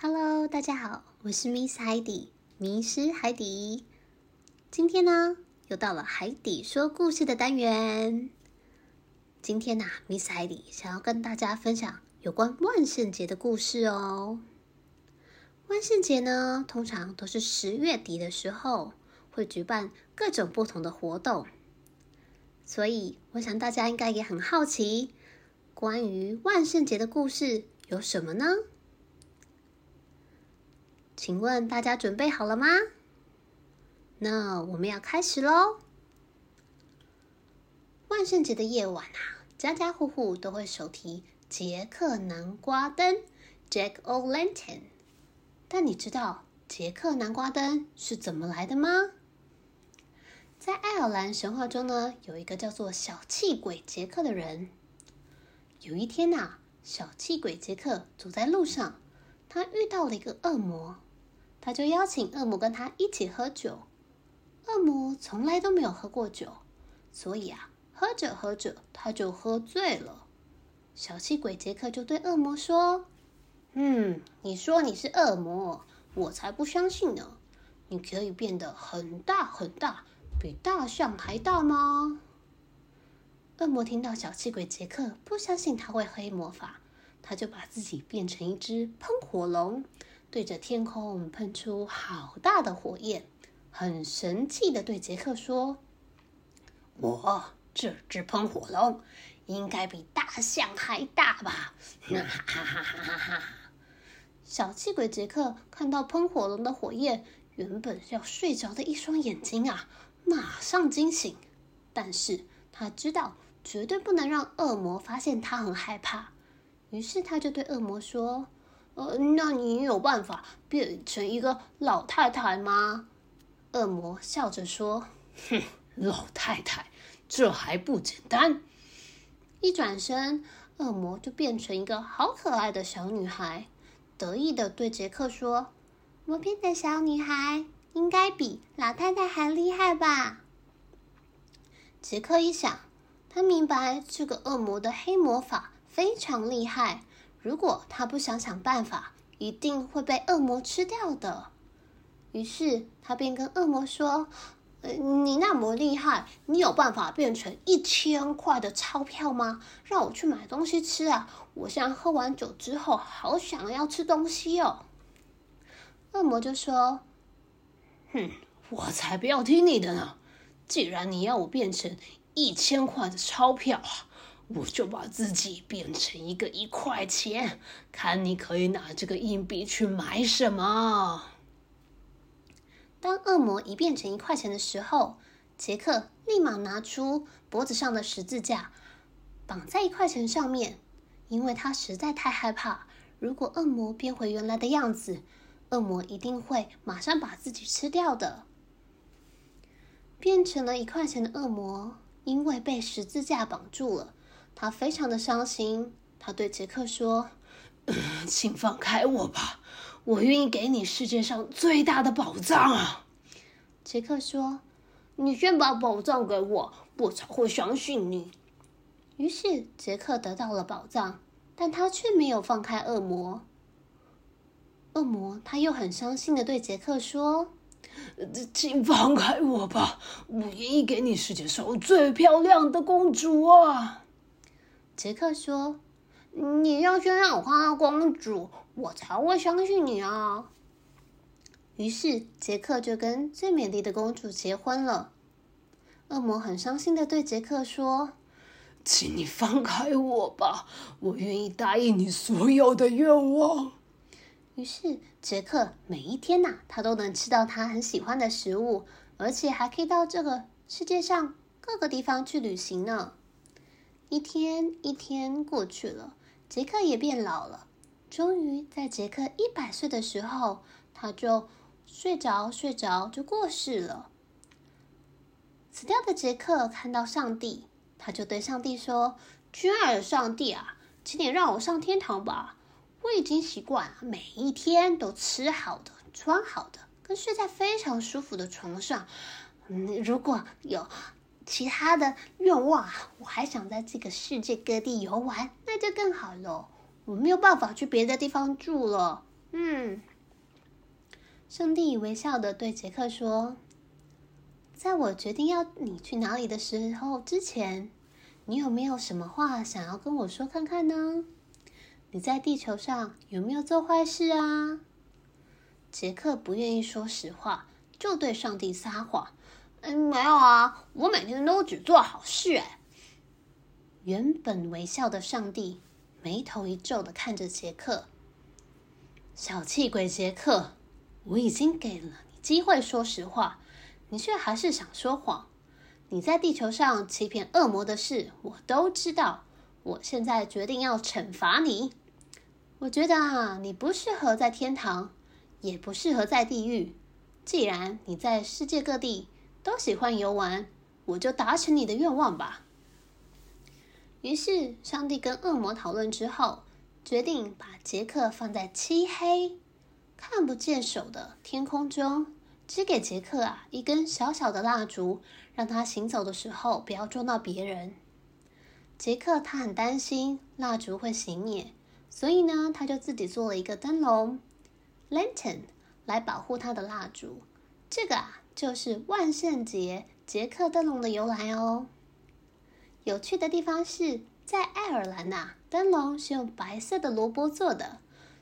Hello，大家好，我是 Miss Heidi，迷失海底。今天呢，又到了海底說故事的單元。今天呢，啊，Miss Heidi 想要跟大家分享有關萬聖節的故事哦。萬聖節呢，通常都是十月底的時候會舉辦各種不同的活動，所以我想大家應該也很好奇，關於萬聖節的故事有什麼呢？請問大家準備好了嗎？那我們要開始嘍！萬聖節的夜晚啊，家家戶戶都會手提傑克南瓜燈 （Jack O' Lantern）。但你知道傑克南瓜燈是怎麼來的嗎？在愛爾蘭神話中呢，有一個叫做小氣鬼傑克的人。有一天吶、啊，小氣鬼傑克走在路上，他遇到了一個惡魔。他就邀請惡魔跟他一起喝酒。惡魔從來都沒有喝過酒，所以啊，喝着喝着他就喝醉了。小氣鬼傑克就對惡魔說：“嗯，你說你是惡魔，我才不相信呢。你可以變得很大很大，比大象還大嗎？”惡魔聽到小氣鬼傑克不相信他會黑魔法，他就把自己變成一隻噴火龍。對着天空噴出好大的火焰，很神氣的對傑克說：“我、哦、這隻噴火龍應該比大象還大吧？”哈哈哈哈哈哈！ 小氣鬼傑克看到噴火龍的火焰，原本要睡着的一雙眼睛啊，馬上驚醒。但是他知道絕對不能讓惡魔發現他很害怕，於是他就對惡魔說。呃，那你有辦法變成一個老太太嗎？惡魔笑着說：“哼，老太太，這還不簡單。”一轉身，惡魔就變成一個好可愛的小女孩，得意地對傑克說：“我變的小女孩應該比老太太還厲害吧？”傑克一想，他明白這個惡魔的黑魔法非常厲害。如果他不想想辦法，一定會被惡魔吃掉的。於是他便跟惡魔說：“呃，你那麼厲害，你有辦法變成一千塊的鈔票嗎？讓我去買東西吃啊！我現在喝完酒之後，好想要吃東西哦。”惡魔就說：“哼，我才不要聽你的呢！既然你要我變成一千塊的鈔票我就把自己變成一個一塊錢，看你可以拿這個硬幣去買什麼。當惡魔一變成一塊錢的時候，傑克立馬拿出脖子上的十字架，綁在一塊錢上面，因為他實在太害怕，如果惡魔變回原來的樣子，惡魔一定會馬上把自己吃掉的。變成了一塊錢的惡魔，因為被十字架綁住了。他非常的傷心，他對傑克說，呃：“請放開我吧，我願意給你世界上最大的寶藏啊。”傑克說：“你先把寶藏給我，我才會相信你。”於是傑克得到了寶藏，但他卻沒有放開惡魔。惡魔他又很傷心的對傑克說，呃：“請放開我吧，我願意給你世界上最漂亮的公主啊。”傑克說：“你要先讓我看看公主，我才會相信你啊。”於是傑克就跟最美麗的公主結婚了。惡魔很傷心的對傑克說：“請你放開我吧，我願意答應你所有的願望。”於是傑克每一天吶、啊，他都能吃到他很喜歡的食物，而且還可以到這個世界上各個地方去旅行呢。一天一天過去了，傑克也變老了。終於在傑克一百歲的時候，他就睡着睡着就過世了。死掉的傑克看到上帝，他就對上帝說：“親愛的上帝啊，請你讓我上天堂吧！我已經習慣每一天都吃好的、穿好的，跟睡在非常舒服的床上。嗯，如果有。”其他的願望啊，我還想在這個世界各地遊玩，那就更好了。我沒有辦法去別的地方住了。嗯，上帝微笑的對傑克說：“在我決定要你去哪裡的時候之前，你有沒有什麼話想要跟我說看看呢？你在地球上有沒有做壞事啊？”傑克不願意說實話，就對上帝撒謊。嗯、哎，沒有啊，我每天都只做好事、欸。哎，原本微笑的上帝，眉頭一皺的看着杰克，小氣鬼杰克，我已經給了你機會說實話，你卻還是想說謊。你在地球上欺騙惡魔的事，我都知道。我現在決定要懲罰你。我覺得啊，你不適合在天堂，也不適合在地獄。既然你在世界各地，都喜歡遊玩，我就達成你的願望吧。於是，上帝跟惡魔討論之後，決定把傑克放在漆黑、看不見手的天空中，只給傑克啊一根小小的蠟燭，讓他行走的時候不要撞到別人。傑克他很擔心蠟燭會熄滅，所以呢，他就自己做了一個燈籠 （lantern） 來保護他的蠟燭。這個啊。就是萬聖節傑克燈籠的由來哦。有趣的地方是在愛爾蘭吶，燈籠是用白色的蘿蔔做的；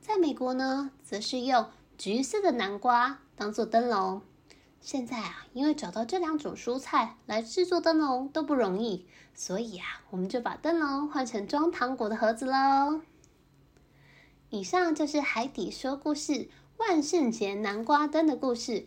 在美國呢，則是用橘色的南瓜當做燈籠。現在啊，因為找到這兩種蔬菜來制作燈籠都不容易，所以啊，我們就把燈籠換成裝糖果的盒子嘍。以上就是海底說故事《萬聖節南瓜燈》的故事。